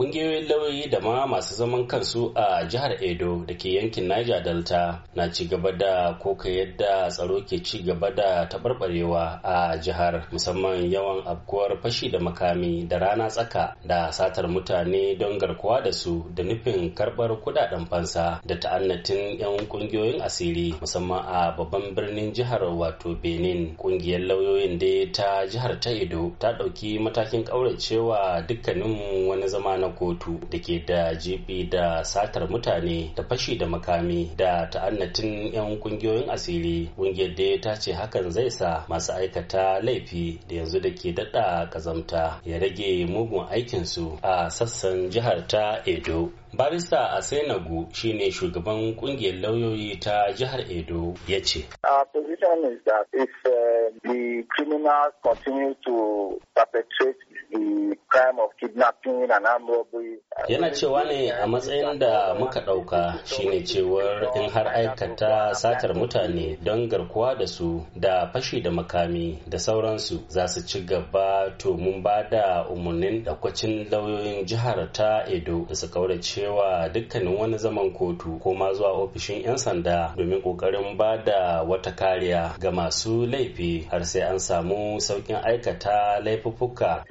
kungiyoyin lauyoyi da ma masu zaman kansu a jihar edo da ke yankin niger delta na ci gaba da koka yadda tsaro ke ci gaba da taɓarɓarewa a jihar musamman yawan abkuwar fashi da makami da rana tsaka da satar mutane don garkuwa da su da nufin karɓar kudaden fansa da ta'annatin 'yan kungiyoyin asiri musamman a babban birnin jihar wato benin kungiyar lauyoyin dai ta jihar ta edo ta ɗauki matakin ƙauracewa dukkanin wani zama na kotu da ke da jibi da satar mutane da fashi da makami da ta'annatin 'yan kungiyoyin asiri kungiyar da ta ce hakan zai sa masu aikata laifi da yanzu da ke daɗa kazamta ya rage mugun aikinsu a sassan jihar ta edo barista a sainagu shine shugaban kungiyar lauyoyi ta jihar edo ya ce position is that if uh, the criminals continue to perpetrate the crime of kidnapping and armed robbery yana cewa ne a matsayin da muka ɗauka shine cewar in har aikata satar mutane don garkuwa da su da fashi da makami da sauransu za su ci gaba to mun ba da umarnin ɗaukacin lauyoyin jihar ta edo da su kaura cewa dukkanin wani zaman kotu ko ma zuwa ofishin 'yan sanda domin ƙoƙarin ba da wata kariya ga masu laifi har sai an samu sauƙin aikata laifuffuka.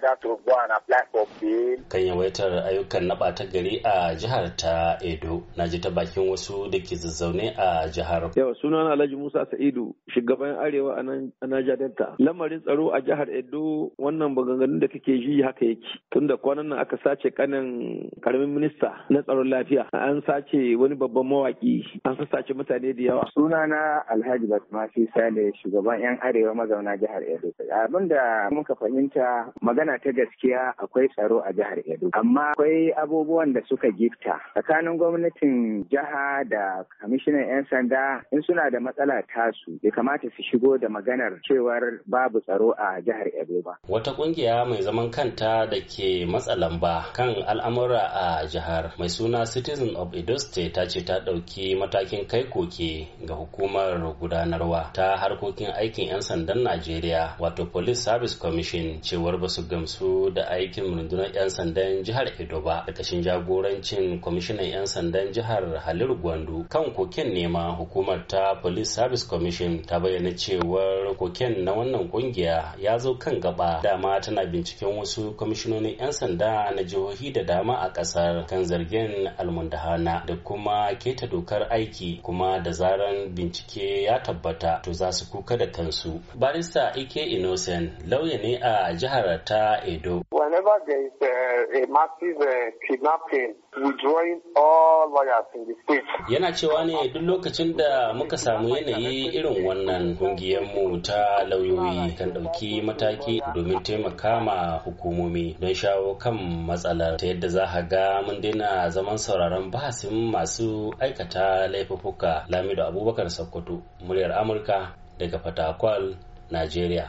Kan yawaitar ayyukan na ɓata gari a jihar ta Edo, na ji ta bakin wasu da ke zazzaune a jihar. Yau sunan Alhaji Musa Sa'idu, shugaban Arewa a naija Delta. Lamarin tsaro a jihar Edo wannan maganganun da kake ji haka yake. Tun da kwanan nan aka sace kanin karamin minista na tsaron lafiya, an sace wani babban mawaki, an sace mutane da yawa. Sunana Alhaji Basmasi Sale, shugaban 'yan Arewa mazauna jihar Edo. abinda da muka fahimta magana magana ta gaskiya akwai tsaro a jihar Edo. Amma akwai abubuwan da suka gifta. Tsakanin gwamnatin jiha da kamishinan 'yan sanda in suna da matsala tasu bai kamata su shigo da maganar cewar babu tsaro a jihar Edo ba. Wata kungiya mai zaman kanta da ke matsalamba kan al'amura a jihar mai suna Citizen of Edo State ta ce ta ɗauki matakin kai koke ga hukumar gudanarwa ta harkokin aikin 'yan sandan Najeriya wato Police Service Commission cewar ba su gamsu da aikin rundunar 'yan sandan jihar Edo ba kashin jagorancin kwamishinan 'yan sandan jihar Haliru Gwandu kan koken nema hukumar ta Police Service Commission ta bayyana cewar koken na wannan kungiya ya zo kan gaba dama tana binciken wasu kwamishinonin 'yan sanda na jihohi da dama a ƙasar kan zargin almundahana da kuma keta dokar aiki kuma da zaran bincike ya tabbata to za su kuka da kansu. Barista Ike Innocent lauya ne a jihar ta Edo. Whenever there is uh, a massive uh, kidnapping, withdrawing all lawyers in the state. Yana cewa ne duk lokacin da muka samu yanayi irin wannan mu ta lauyoyi kan ɗauki mataki domin taimaka ma hukumomi don shawo kan matsalar ta yadda za a ga mun daina zaman sauraron bahasin masu aikata laifuka Lamido Abubakar Sokoto, muryar Amurka daga Fatakwal, Najeriya.